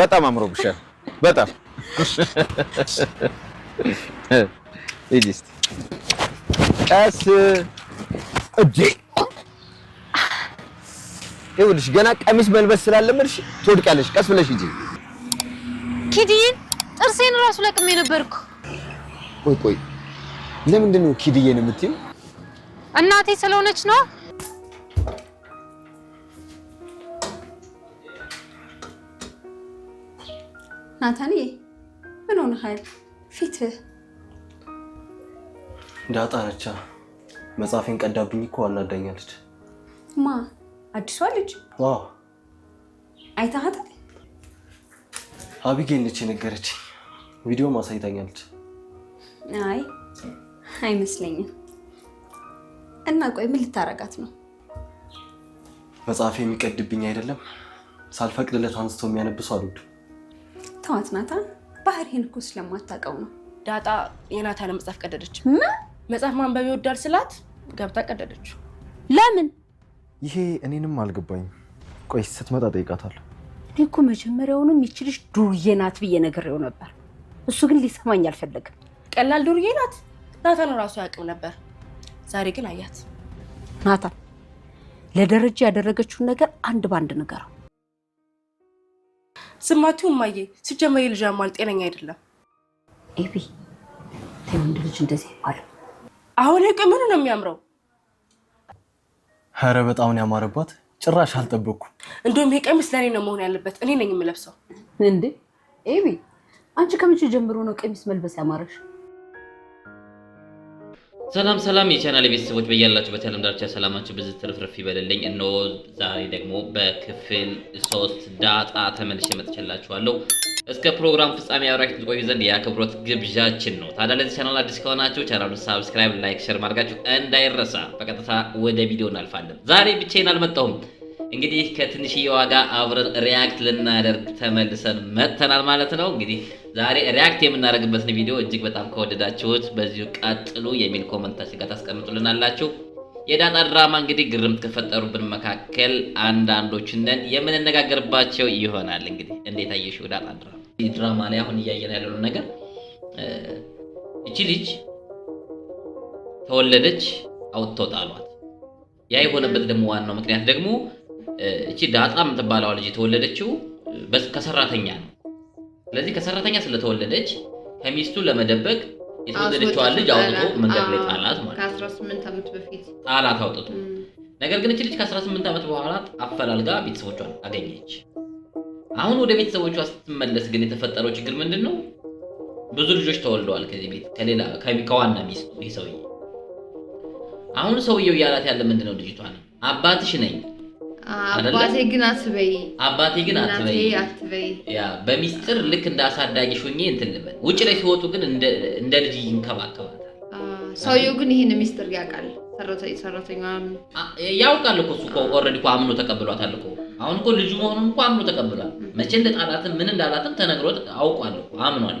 በጣም አምሮብሻል። በጣም እጅ እስኪ ቀስ እጄ ይኸውልሽ፣ ገና ቀሚስ መልበስ ስላለመድሽ ትወድቃለሽ። ቀስ ብለሽ ሂጂ። ኪድዬን ጥርሴን እራሱ ለቅሜ ነበርኩ። ቆይ ቆይ፣ ለምንድን ነው ኪድዬን የምትይው? እናቴ ስለሆነች ነው። ናታን ምን ሆነሃል? ፊትህ ዳጣ ነቻ መጽሐፌን ቀዳብኝ እኮ አናዳኛለች። ማ አዲሷ ልጅ? ዋው አይታሃታል? አቢጌል ነች የነገረች። ቪዲዮም አሳይታኛለች። አይ አይመስለኝም። እና ቆይ ምን ልታረጋት ነው? መጽሐፌ የሚቀድብኝ አይደለም ሳልፈቅድለት አንስቶ የሚያነብሱ አልወድም። ተዋት ናታን፣ ባህሪህን እኮ ስለማታውቀው ነው። ዳጣ የናታን መጽሐፍ ቀደደች። መጽሐፍ ማንበብ ይወዳል ስላት ገብታ ቀደደች። ለምን? ይሄ እኔንም አልገባኝም። ቆይ ስትመጣ ጠይቃታለሁ። እኔ እኮ መጀመሪያውንም ይቺ ልጅ ዱርዬ ናት ብዬ ነግሬው ነበር። እሱ ግን ሊሰማኝ አልፈለግም። ቀላል ዱርዬ ናት። ናታን ራሱ ያውቅም ነበር። ዛሬ ግን አያት። ናታን ለደረጃ ያደረገችውን ነገር አንድ ባንድ ንገረው። ስማቲው እማዬ፣ ሲጀመር ልጅ አማል ጤነኛ አይደለም። ኤቢ ወንድ ልጅ እንደዚህ አይባልም። አሁን ህቅ ምኑ ነው የሚያምረው? ኧረ በጣም ነው ያማረባት። ጭራሽ አልጠበኩም። እንደውም ይሄ ቀሚስ ለእኔ ነው መሆን ያለበት፣ እኔ ነኝ የምለብሰው። እንዴ ኤቢ፣ አንቺ ከመቼ ጀምሮ ነው ቀሚስ መልበስ ያማረሽ? ሰላም ሰላም የቻናል ቤተሰቦች በያላችሁበት የዓለም ዳርቻ ሰላማችሁ ብዙ ትርፍርፍ ይበልልኝ። እነሆ ዛሬ ደግሞ በክፍል ሶስት ዳጣ ተመልሼ መጥቼላችኋለሁ። እስከ ፕሮግራም ፍጻሜ አብራችሁ ትቆዩ ዘንድ የአክብሮት ግብዣችን ነው። ታዲያ ለዚህ ቻናል አዲስ ከሆናችሁ ቻናሉን ሳብስክራይብ፣ ላይክ፣ ሸር ማድረጋችሁ እንዳይረሳ። በቀጥታ ወደ ቪዲዮ እናልፋለን። ዛሬ ብቻዬን አልመጣሁም። እንግዲህ ከትንሽዬ ዋጋ አብረን ሪያክት ልናደርግ ተመልሰን መጥተናል ማለት ነው። እንግዲህ ዛሬ ሪያክት የምናደርግበትን ቪዲዮ እጅግ በጣም ከወደዳችሁት በዚሁ ቀጥሉ የሚል ኮመንታችን ጋር ታስቀምጡልናላችሁ። የዳጣ ድራማ እንግዲህ ግርምት ከፈጠሩብን መካከል አንዳንዶችን የምንነጋገርባቸው ይሆናል። እንግዲህ እንዴት አየሽው ዳጣ ድራማ? ድራማ ላይ አሁን እያየን ያለውን ነገር እቺ ልጅ ተወለደች አውጥተው ጣሏት። ያ የሆነበት ደግሞ ዋናው ምክንያት ደግሞ እቺ ዳጣ የምትባለዋ ልጅ የተወለደችው ከሰራተኛ ነው። ስለዚህ ከሰራተኛ ስለተወለደች ከሚስቱ ለመደበቅ የተወለደችዋ ልጅ አውጥቶ መንገድ ላይ ጣላት ማለት ነው ጣላት አውጥቶ። ነገር ግን እቺ ልጅ ከ18 ዓመት በኋላ አፈላልጋ ቤተሰቦቿን አገኘች። አሁን ወደ ቤተሰቦቿ ስትመለስ ግን የተፈጠረው ችግር ምንድን ነው? ብዙ ልጆች ተወልደዋል ከዚህ ቤት ከሌላ ከዋና ሚስቱ ይህ ሰውዬ። አሁን ሰውየው እያላት ያለ ምንድን ነው? ልጅቷን አባትሽ ነኝ አባቴ ግን አትበይ አባቴ ግን አትበይ። ያ በሚስጥር ልክ እንደ አሳዳጊሽ ሆኜ እንትን ልበል። ውጭ ላይ ሲወጡ ግን እንደ ልጅ ይንከባከባታል። ሰውየው ግን ይህን ሚስጥር ያውቃል። ሰራተኛ ያውቃል እኮ እሱ ኦልሬዲ እኮ አምኖ ተቀብሏታል እኮ። አሁን እኮ ልጁ መሆኑን እኮ አምኖ ተቀብሏል። መቼ እንደጣላትም ምን እንዳላትም ተነግሮት አውቋል እኮ አምኗል።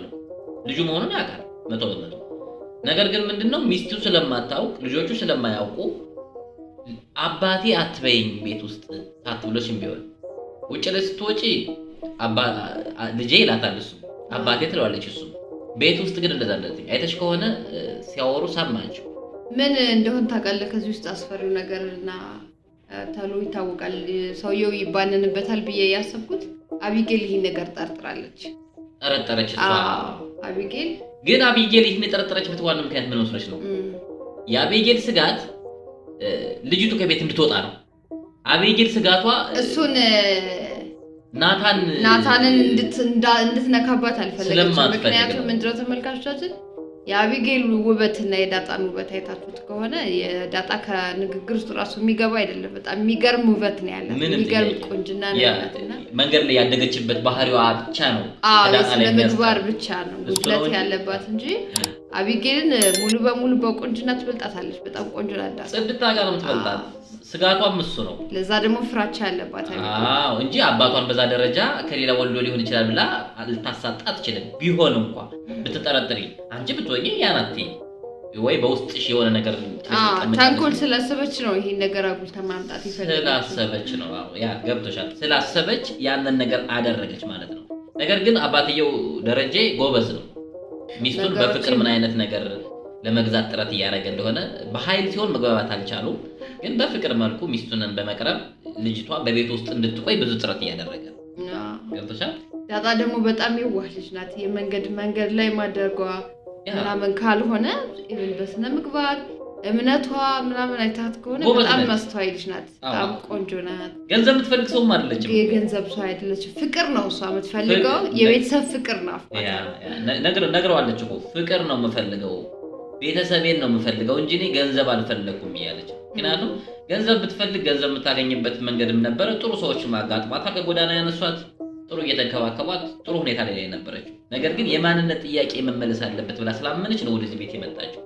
ልጁ መሆኑን ያውቃል መቶ በመቶ። ነገር ግን ምንድነው ሚስቱ ስለማታውቅ ልጆቹ ስለማያውቁ አባቴ አትበይኝ ቤት ውስጥ ሳትብሎችም ቢሆን ውጭ ላይ ስትወጪ ልጄ ይላታል እሱ አባቴ ትለዋለች እሱ ቤት ውስጥ ግን እንደዛለት አለችኝ። አይተሽ ከሆነ ሲያወሩ ሰማችሁ ምን እንደሆን ታውቃለህ። ከዚህ ውስጥ አስፈሪው ነገር እና ተሎ ይታወቃል። ሰውየው ይባንንበታል ብዬ ያሰብኩት አቢጌል ይህን ነገር ጠርጥራለች፣ ጠረጠረች። አቢጌል ግን አቢጌል ይህን የጠረጠረችበት ዋና ምክንያት ምን መስሎች ነው? የአቢጌል ስጋት ልጅቱ ከቤት እንድትወጣ ነው። አቤጌል ስጋቷ እሱን ናታን ናታንን እንድትነካባት አልፈለገችም። ምክንያቱም ምንድነው ተመልካቾቻችን የአቢጌል ውበትና የዳጣን ውበት አይታችሁት ከሆነ የዳጣ ከንግግር ውስጥ ራሱ የሚገባ አይደለም። በጣም የሚገርም ውበት ነው ያለ፣ የሚገርም ቆንጅና ነው መንገድ ላይ ያደገችበት ባህሪዋ ብቻ ነው ምግባር ብቻ ነው ጉድለት ያለባት እንጂ አቢጌልን ሙሉ በሙሉ በቆንጅና ትበልጣታለች። በጣም ቆንጆ ናት። ጽድታ አጋ ነው ትበልጣት ስጋቷም እሱ ነው። ለዛ ደግሞ ፍራቻ ያለባት አዎ፣ እንጂ አባቷን በዛ ደረጃ ከሌላ ወልዶ ሊሆን ይችላል ብላ ልታሳጣ አትችልም። ቢሆን እንኳ ብትጠረጥሪ፣ አንቺ ብትወኝ ያናቴ ወይ በውስጥሽ የሆነ ነገር ተንኮል ስላሰበች ነው ይሄን ነገር አጉልታ ማምጣት ስላሰበች ነው። ያ ገብቶሻል። ስላሰበች ያንን ነገር አደረገች ማለት ነው። ነገር ግን አባትየው ደረጀ ጎበዝ ነው። ሚስቱን በፍቅር ምን አይነት ነገር ለመግዛት ጥረት እያደረገ እንደሆነ በኃይል ሲሆን መግባባት አልቻሉም። ግን በፍቅር መልኩ ሚስቱንን በመቅረብ ልጅቷ በቤት ውስጥ እንድትቆይ ብዙ ጥረት እያደረገ ገብቶሻል። ዳጣ ደግሞ በጣም የዋህ ልጅ ናት። የመንገድ መንገድ ላይ ማደርጓ ምናምን ካልሆነ በስነ ምግባር እምነቷ ምናምን አይታት ከሆነ በጣም ማስተዋይ ልጅ ናት። በጣም ቆንጆ ናት። ገንዘብ የምትፈልግ ሰውም አይደለችም። የገንዘብ ሰው አይደለችም። ፍቅር ነው እሷ የምትፈልገው፣ የቤተሰብ ፍቅር ነው። ነግረዋለች እኮ ፍቅር ነው የምፈልገው፣ ቤተሰቤን ነው የምፈልገው እንጂ ገንዘብ አልፈለኩም እያለች ምክንያቱም ገንዘብ ብትፈልግ ገንዘብ የምታገኝበት መንገድም ነበረ። ጥሩ ሰዎች አጋጥሟት ከጎዳና ያነሷት፣ ጥሩ እየተንከባከቧት፣ ጥሩ ሁኔታ ላይ ላይ ነገር ግን የማንነት ጥያቄ መመለስ አለበት ብላ ስላመነች ነው ወደዚህ ቤት የመጣችው።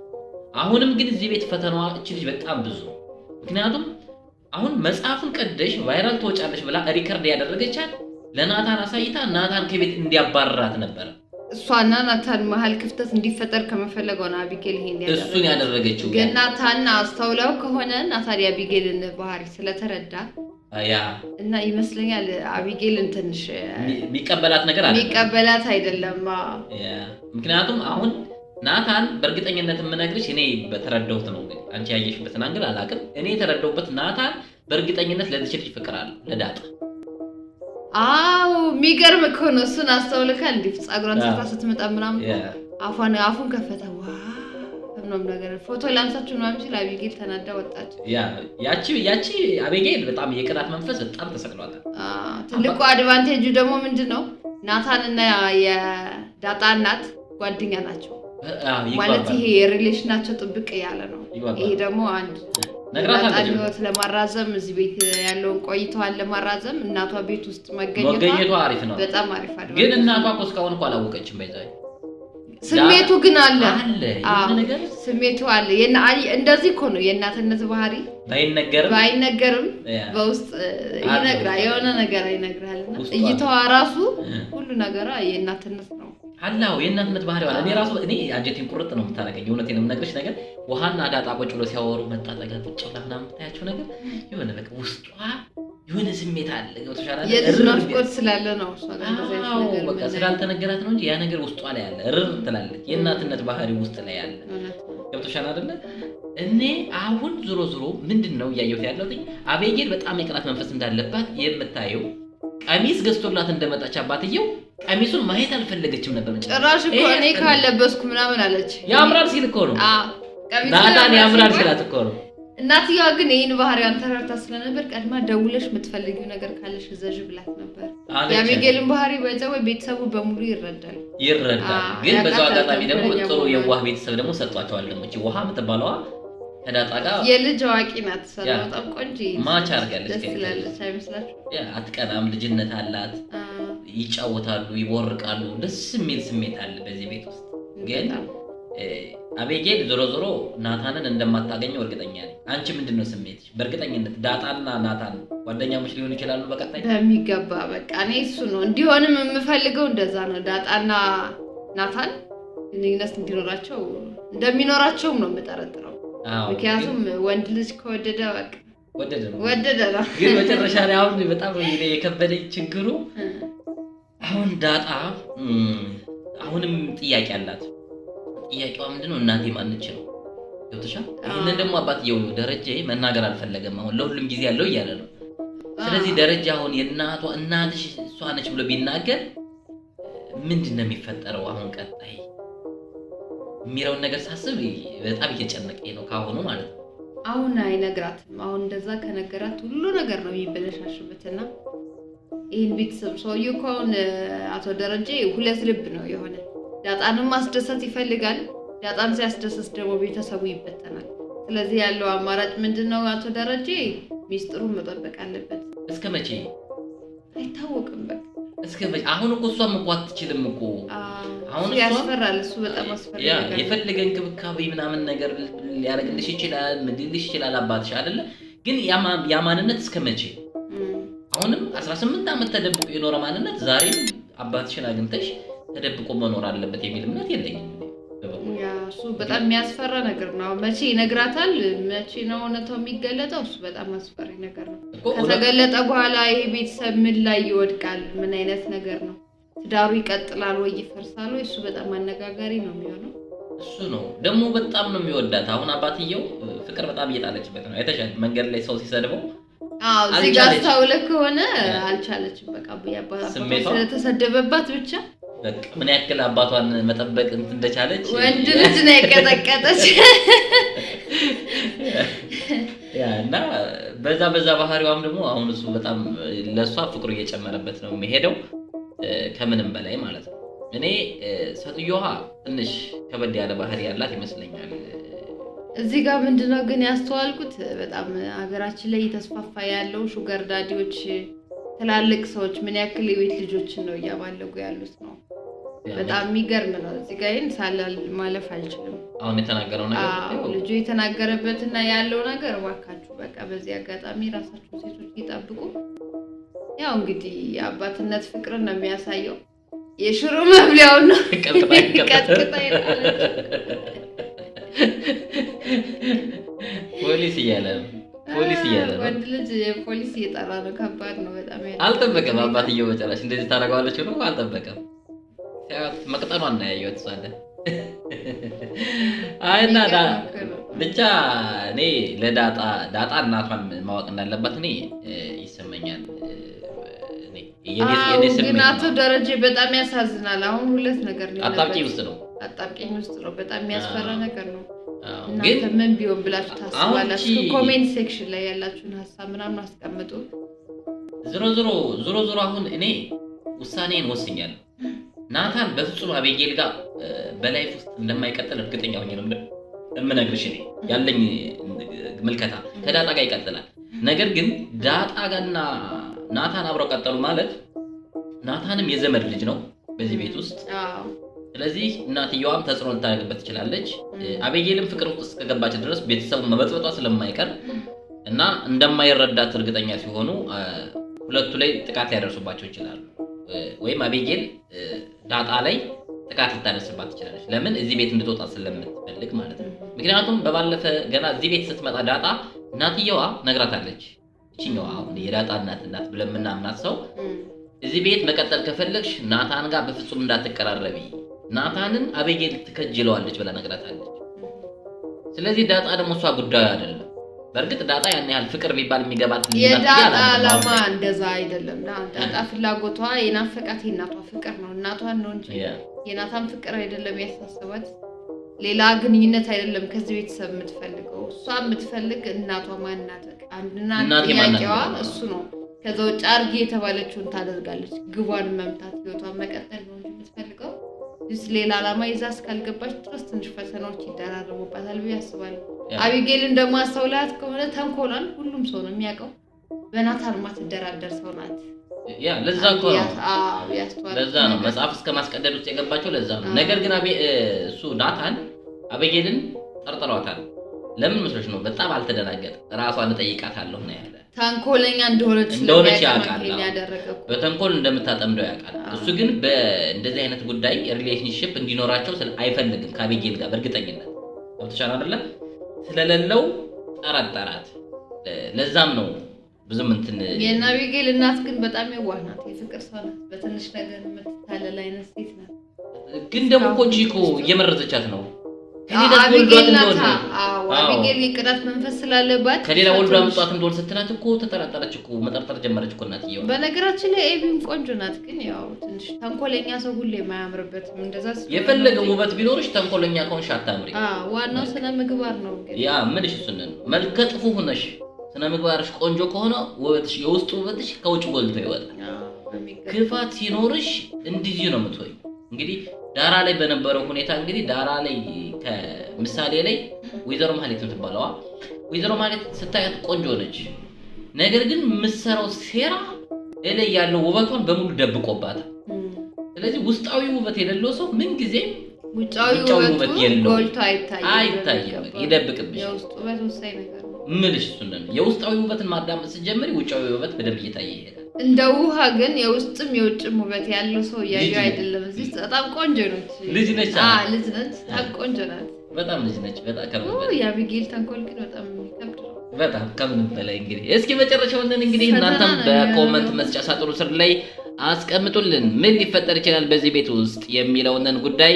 አሁንም ግን እዚህ ቤት ፈተናዋ እች ልጅ በጣም ብዙ ምክንያቱም አሁን መጽሐፉን ቀደሽ ቫይራል ትወጫለሽ ብላ ሪከርድ ያደረገቻት ለናታን አሳይታ ናታን ከቤት እንዲያባረራት ነበረ። እሷና ናታን መሀል ክፍተት እንዲፈጠር ከመፈለግ ሆነ አቢጌል ይሄን እሱን ያደረገችው ግን ናታና አስተውለው ከሆነ ናታን የአቢጌልን ባህሪ ስለተረዳ ያ እና ይመስለኛል አቢጌልን ትንሽ የሚቀበላት ነገር አለ። የሚቀበላት አይደለም። ምክንያቱም አሁን ናታን በእርግጠኝነት የምነግርሽ እኔ በተረዳሁት ነው። አንቺ ያየሽበትን አንግል አላውቅም። እኔ የተረዳሁበት ናታን በእርግጠኝነት ለዚች ልጅ ፍቅር አለው ለዳጣ አዎ የሚገርም እኮ ነው። እሱን አስተውልካ እንዲ ጸጉሯን ሰርታ ስትመጣ ምናምን አፉን ከፈተ ምንም ነገር ፎቶ ላንሳችሁ ምናምን ሲል አቤጌል ተናዳ ወጣች። ያቺ ያቺ አቤጌል በጣም የቅናት መንፈስ በጣም ተሰቅሏል። ትልቁ አድቫንቴጁ ደግሞ ምንድን ነው? ናታን ናታንና የዳጣ እናት ጓደኛ ናቸው ማለት ይሄ ሪሌሽናቸው ጥብቅ ያለ ነው። ይሄ ደግሞ አንድ በጣም ህይወት ለማራዘም እዚህ ቤት ያለውን ቆይተዋል ለማራዘም እናቷ ቤት ውስጥ መገኘቷ አሪፍ ነው፣ በጣም አሪፍ አድርገው። ግን እናቷ እኮ እስካሁን እኮ አላወቀችም። በዛይ ስሜቱ ግን አለ አለ ስሜቱ አለ። የና እንደዚህ እኮ ነው የእናትነት ባህሪ። ባይነገርም ባይነገርም በውስጥ ይነግራል፣ የሆነ ነገር ይነግራል። እይታዋ ራሱ ሁሉ ነገሯ የእናትነት ነው። አላው የእናትነት ባህሪዋ እኔ ራሱ እኔ አንጀቴን ቁርጥ ነው የምታደርገኝ። እውነቴን የምነግርሽ ነገር ውሃና ዳጣ ቁጭ ብሎ ሲያወሩ መጣ ጠጋ ቁጭ ብላ ምናምን የምታያቸው ነገር የሆነ በቃ ውስጧ የሆነ ስሜት አለ። ገብቶሻል ስላለ ነው በቃ ስላልተነገራት ነው እንጂ ያ ነገር ውስጧ ላይ አለ። እርር ትላለች። የእናትነት ባህሪ ውስጥ ላይ ያለ ገብቶሻል አይደለ? እኔ አሁን ዞሮ ዞሮ ምንድን ነው እያየሁት ያለሁት አቤጌል በጣም የቅናት መንፈስ እንዳለባት የምታየው ቀሚስ ገዝቶላት እንደመጣች አባትየው ቀሚሱን ማየት አልፈለገችም ነበር። ጭራሽ እኮ እኔ ካለበስኩ ምናምን አለች። ያምራል ሲል እኮ ነው ዳጣን ያምራል ሲላት እኮ ነው። እናትየዋ ግን ይህን ባህሪዋን ተረርታ ስለነበር ቀድማ ደውለሽ የምትፈልጊው ነገር ካለሽ እዘዥ ብላት ነበር። የሚጌልን ባህሪ በዛ ቤተሰቡ በሙሉ ይረዳል ይረዳል። ግን በዛው አጋጣሚ ደግሞ ጥሩ የዋህ ቤተሰብ ደግሞ ሰጧቸዋል። ደሞች ውሃ የምትባለዋ ከዳጣ ጋር የልጅ አዋቂ ናት። በጣም ቆንጆ ማች አድርጋለች። አይመስላችሁም? አትቀናም። ልጅነት አላት ይጫወታሉ፣ ይቦርቃሉ። ደስ የሚል ስሜት አለ በዚህ ቤት ውስጥ። ግን አቤጌል ዞሮ ዞሮ ናታንን እንደማታገኘው እርግጠኛ ነኝ። አንቺ ምንድን ነው ስሜት? በእርግጠኝነት ዳጣና ናታን ጓደኛሞች ሊሆኑ ይችላሉ በቀጣይ በሚገባ። በቃ እኔ እሱ ነው እንዲሆንም የምፈልገው እንደዛ ነው። ዳጣና ናታን ግንኙነት እንዲኖራቸው እንደሚኖራቸውም ነው የምጠረጥረው። ምክንያቱም ወንድ ልጅ ከወደደ በቃ ወደደ ነው ወደደ ነው። ግን መጨረሻ ላይ አሁን በጣም የከበደኝ ችግሩ አሁን ዳጣ አሁንም ጥያቄ አላት። ጥያቄዋ ምንድነው? እናቴ ማንች ነው ገብተሻል። ይህንን ደግሞ አባትየው ደረጀ መናገር አልፈለገም። አሁን ለሁሉም ጊዜ ያለው እያለ ነው። ስለዚህ ደረጀ አሁን የእናቷ እናትሽ እሷ ነች ብሎ ቢናገር ምንድን ነው የሚፈጠረው? አሁን ቀጣይ የሚለውን ነገር ሳስብ በጣም እየጨነቀኝ ነው። ከአሁኑ ማለት ነው። አሁን አይነግራትም። አሁን እንደዛ ከነገራት ሁሉ ነገር ነው የሚበለሻሽበትና ይህን ቤተሰብ ሰውዬው እኮ አሁን አቶ ደረጀ ሁለት ልብ ነው የሆነ ዳጣንም ማስደሰት ይፈልጋል። ዳጣን ሲያስደሰት ደግሞ ቤተሰቡ ይበተናል። ስለዚህ ያለው አማራጭ ምንድን ነው? አቶ ደረጀ ሚስጥሩን መጠበቅ አለበት። እስከ መቼ አይታወቅም። በቃ እስከ መቼ? አሁን እኮ እሷም እኮ አትችልም እኮ አሁን ያስፈራል። እሱ በጣም አስፈራል። የፈለገ እንክብካቤ ምናምን ነገር ሊያደርግልሽ ይችላል፣ ምድልሽ ይችላል። አባትሽ አይደለ ግን ያማንነት እስከ መቼ 18 ዓመት ተደብቆ የኖረ ማንነት ዛሬም አባትሽን አግኝተሽ ተደብቆ መኖር አለበት የሚል እምነት የለኝም። እሱ በጣም የሚያስፈራ ነገር ነው። መቼ ይነግራታል? መቼ ነው እውነታው የሚገለጠው? እሱ በጣም አስፈሪ ነገር ነው። ከተገለጠ በኋላ ይሄ ቤተሰብ ምን ላይ ይወድቃል? ምን አይነት ነገር ነው? ትዳሩ ይቀጥላል ወይ ይፈርሳል ወይ? እሱ በጣም አነጋጋሪ ነው የሚሆነው። እሱ ነው ደግሞ በጣም ነው የሚወዳት። አሁን አባትየው ፍቅር በጣም እየጣለችበት ነው። መንገድ ላይ ሰው ሲሰድበው እዚህ ጋር አስታውለህ ከሆነ አልቻለችም። በቃ ስለተሰደበባት ብቻ ምን ያክል አባቷን መጠበቅ እንደቻለች ወንድ ልጅ ነው የቀጠቀጠች እና በዛ በዛ ባህሪዋም ደግሞ አሁን እሱ በጣም ለእሷ ፍቅሩ እየጨመረበት ነው የሚሄደው ከምንም በላይ ማለት ነው። እኔ ሴትዮዋ ትንሽ ከበድ ያለ ባህሪ ያላት ይመስለኛል። እዚህ ጋር ምንድነው ግን ያስተዋልኩት በጣም ሀገራችን ላይ እየተስፋፋ ያለው ሹገር ዳዲዎች ትላልቅ ሰዎች ምን ያክል የቤት ልጆችን ነው እያባለጉ ያሉት ነው። በጣም የሚገርም ነው። እዚህ ጋር ይህን ሳላል ማለፍ አልችልም። አሁን የተናገረው ነገር ልጁ የተናገረበትና ያለው ነገር እባካችሁ በቃ በዚህ አጋጣሚ ራሳችሁ ሴቶች ይጠብቁ። ያው እንግዲህ የአባትነት ፍቅርን ነው የሚያሳየው። የሽሮ መብሊያው ነው ቀጥቅጣ ፖሊስ እያለ ነው። ፖሊስ እያለ ነው። ወንድ ልጅ ፖሊስ እየጠራ ነው። ከባድ ነው በጣም አልጠበቀም። አባትየው በጨራሽ እንደዚህ ታደርገዋለች ብሎ አልጠበቀም። መቅጠኗን ነው ያየሁት ሳለ አይና ብቻ እኔ ለዳጣ ዳጣ እናቷን ማወቅ እንዳለባት እኔ ይሰማኛል። ግን አቶ ደረጀ በጣም ያሳዝናል። አሁን ሁለት ነገር አጣብቂኝ ውስጥ ነው፣ አጣብቂኝ ውስጥ ነው። በጣም የሚያስፈራ ነገር ነው። ግን ምን ቢሆን ብላችሁ ታስባላችሁ? ኮሜንት ሴክሽን ላይ ያላችሁን ሀሳብ ምናምን አስቀምጡ። ዝሮ ዝሮ ዝሮ ዝሮ አሁን እኔ ውሳኔን ወስኛለሁ። ናታን በፍጹም አቤጌል ጋር በላይፍ ውስጥ እንደማይቀጥል እርግጠኛ ሆኜ ነው የምነግርሽ። እኔ ያለኝ ምልከታ ከዳጣ ጋር ይቀጥላል። ነገር ግን ዳጣ ጋርና ናታን አብረው ቀጠሉ ማለት ናታንም የዘመድ ልጅ ነው በዚህ ቤት ውስጥ ስለዚህ እናትየዋም ተጽዕኖ ልታደርግበት ትችላለች። አቤጌልም ፍቅር ውስጥ እስከገባች ድረስ ቤተሰቡን መበጥበጧ ስለማይቀር እና እንደማይረዳት እርግጠኛ ሲሆኑ ሁለቱ ላይ ጥቃት ሊያደርሱባቸው ይችላሉ። ወይም አቤጌል ዳጣ ላይ ጥቃት ልታደርስባት ትችላለች። ለምን እዚህ ቤት እንድትወጣ ስለምትፈልግ ማለት ነው። ምክንያቱም በባለፈ ገና እዚህ ቤት ስትመጣ ዳጣ እናትየዋ ነግራታለች። እችኛዋ አሁን የዳጣ እናት እናት ብለን የምናምናት ሰው እዚህ ቤት መቀጠል ከፈለግሽ ናታን ጋር በፍጹም እንዳትቀራረቢ ናታንን አቤጌል ትከጅለዋለች ብላ ነግራታለች። ስለዚህ ዳጣ ደግሞ እሷ ጉዳዩ አይደለም። በእርግጥ ዳጣ ያን ያህል ፍቅር የሚባል የሚገባት የዳጣ ዓላማ እንደዛ አይደለም። ዳጣ ፍላጎቷ የናፈቃት የእናቷ ፍቅር ነው። እናቷን ነው እንጂ የናታን ፍቅር አይደለም ያሳስባት። ሌላ ግንኙነት አይደለም ከዚህ ቤተሰብ የምትፈልገው። እሷ የምትፈልግ እናቷ ማናጠቅ አንድና ጥያቄዋ እሱ ነው። ከዛ ውጭ አርጌ የተባለችውን ታደርጋለች። ግቧን መምታት፣ ህይወቷን መቀጠል ነው ሌላ አላማ ይዛ እስካልገባች ድረስ ትንሽ ፈተናዎች ይደራረቡባታል ብዬ አስባለሁ። አቢጌልን ደግሞ አስተውላት ከሆነ ተንኮሏን ሁሉም ሰው ነው የሚያውቀው። በናታን ማትደራደር ሰው ናት። ለዛ እኮ ነው ለዛ ነው መጽሐፍ እስከ ማስቀደድ ውስጥ የገባቸው ለዛ ነው። ነገር ግን እሱ ናታን አቢጌልን ጠርጥሯታል። ለምን መስሎች ነው? በጣም አልተደናገጠ ራሷን እጠይቃታለሁ ነው ያለ። ተንኮለኛ እንደሆነች እንደሆነች ያውቃል፣ በተንኮል እንደምታጠምደው ያውቃል። እሱ ግን በእንደዚህ አይነት ጉዳይ ሪሌሽንሽፕ እንዲኖራቸው አይፈልግም ከአቤጌል ጋር በእርግጠኝነት ብትሻል አደለ ስለሌለው ጠረጠራት። ለዛም ነው ብዙም እንትን የአቤጌል እናት ግን በጣም የዋህ ናት፣ የፍቅር ሰው ናት፣ በትንሽ ነገር የምትታለል አይነት ሴት ናት። ግን ደግሞ እኮ እየመረዘቻት ነው አቢጌል የቅናት መንፈስ ስላለባት ከሌላ ወልዶ አምጧት እንደሆነ ስትናት እኮ ተጠራጠረች እኮ መጠርጠር ጀመረች እኮ እናትዬው። በነገራችን ላይ ኤቢም ቆንጆ ናት፣ ግን ያው ትንሽ ተንኮለኛ ሰው ሁሌ የማያምርበት እንደዛ። የፈለገ ውበት ቢኖርሽ ተንኮለኛ ከሆንሽ አታምሪ። ዋናው ስነ ምግባር ነው። ያ ምልሽ እሱን መልከ ጥፉ ሁነሽ ስነ ምግባርሽ ቆንጆ ከሆነ ውበትሽ፣ የውስጡ ውበትሽ ከውጭ ጎልቶ ይወጣል። ክፋት ሲኖርሽ እንዲህ ነው የምትሆኝ። እንግዲህ ዳራ ላይ በነበረው ሁኔታ እንግዲህ ዳራ ላይ ምሳሌ ላይ ወይዘሮ ማህሌት የምትባለዋ ወይዘሮ ማህሌት ስታያት ቆንጆ ነች። ነገር ግን የምትሰራው ሴራ እላይ ያለው ውበቷን በሙሉ ደብቆባታል። ስለዚህ ውስጣዊ ውበት የሌለው ሰው ምንጊዜም ውጫዊ ውበት የለውም፣ ይደብቅብሽ ምልሽ እሱን የውስጣዊ ውበትን ማዳመጥ ስትጀምሪ ውጫዊ ውበት በደንብ እየታየ ይሄዳል። እንደ ውሃ ግን የውስጥም የውጭም ውበት ያለው ሰው እያየሁ አይደለም። እዚህ በጣም ቆንጆ ነች፣ ልጅ ነች፣ ልጅ ነች፣ በጣም ቆንጆ ናት፣ በጣም ልጅ ነች። በጣም የአቢጌል ተንኮል ግን በጣም የሚከብድ ነው። በጣም ከምንም በላይ እንግዲህ እስኪ መጨረሻውን እንግዲህ እናንተም በኮመንት መስጫ ሳጥኑ ስር ላይ አስቀምጡልን ምን ሊፈጠር ይችላል በዚህ ቤት ውስጥ የሚለውን ጉዳይ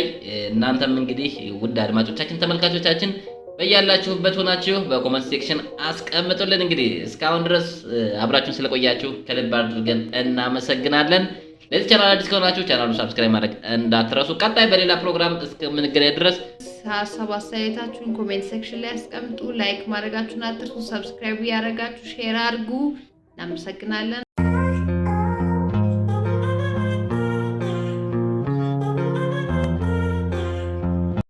እናንተም እንግዲህ ውድ አድማጮቻችን ተመልካቾቻችን በያላችሁበት ሆናችሁ በኮመንት ሴክሽን አስቀምጡልን። እንግዲህ እስካሁን ድረስ አብራችሁን ስለቆያችሁ ከልብ አድርገን እናመሰግናለን። ለዚህ ቻናል አዲስ ከሆናችሁ ቻናሉ ሳብስክራይብ ማድረግ እንዳትረሱ። ቀጣይ በሌላ ፕሮግራም እስከምንገናኝ ድረስ ሀሳብ አስተያየታችሁን ኮሜንት ሴክሽን ላይ አስቀምጡ። ላይክ ማድረጋችሁን አትርሱ። ሰብስክራይብ ያደረጋችሁ ሼር አድርጉ። እናመሰግናለን።